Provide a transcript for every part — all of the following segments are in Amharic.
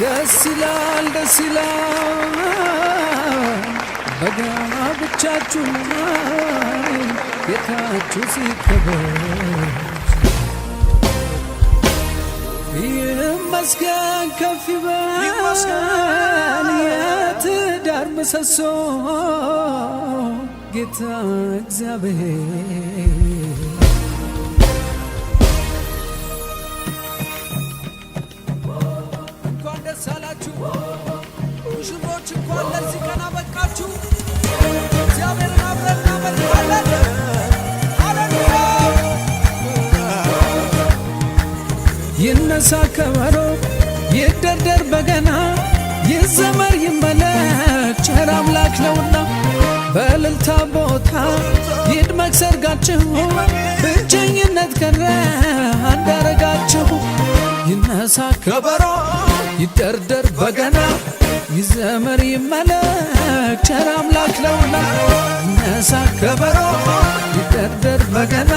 ደስ ይላል ደስ ይላል በጋራ ብቻችሁ የታችሁ ሲከበር ይመስገን ከፍ ይበል የትዳር ምሰሶ ጌታ እግዚአብሔር ደስ አላችሁ ሙሽሮች፣ እንኳን ለዚህ ቀን አበቃችሁ። እግዚአብሔርን አብረን እናመልካለን። ሃሌሉያ! ይነሳ ከበሮ፣ ይደርደር በገና፣ ይዘመር ይመለ ቸር አምላክ ነውና በእልልታ ቦታ ይድመቅ ሰርጋችሁ፣ ብቸኝነት ቀረ አንዳረጋችሁ። ይነሳ ከበሮ ይደርደር በገና ይዘመር ይመለክ ቸር አምላክ ነውና ነሳ ከበሮ ይደርደር በገና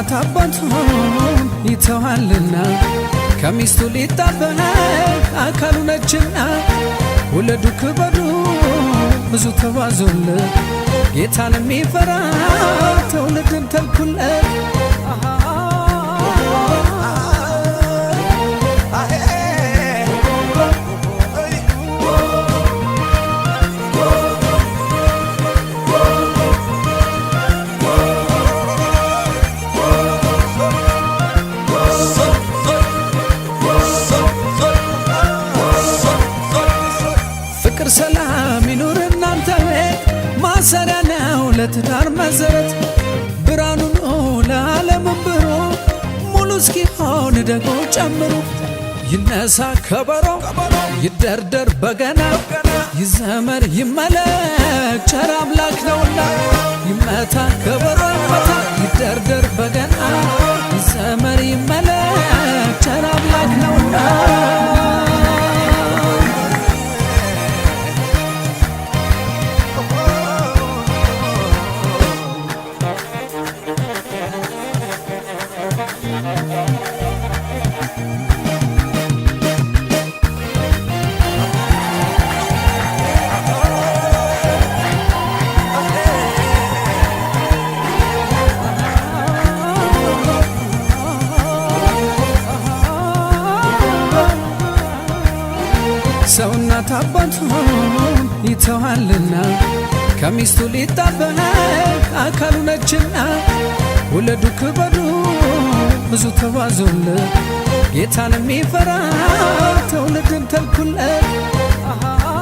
የእሳት አባቱን ይተዋልና ከሚስቱ ሊጣበነ አካሉ ነችና ውለዱ ክበዱ ብዙ ተባዞለ ጌታን የሚፈራ ትውልድን ተልኩለት ለትዳር መሰረት ብርሃኑ ነው ለዓለም ብሮ ሙሉ እስኪሆን ደግሞ ጨምሮ ይነሳ ከበሮ ይደርደር በገና ይዘመር ይመለክ ቸር አምላክ ነውና ይመታ የእናት አባቱን ይተዋልና ከሚስቱ ሊጣበቅ አካሉ ነችና፣ ውለዱ ክበዱ ብዙ ተባዙል ጌታን የሚፈራ ትውልድን ተልኩለት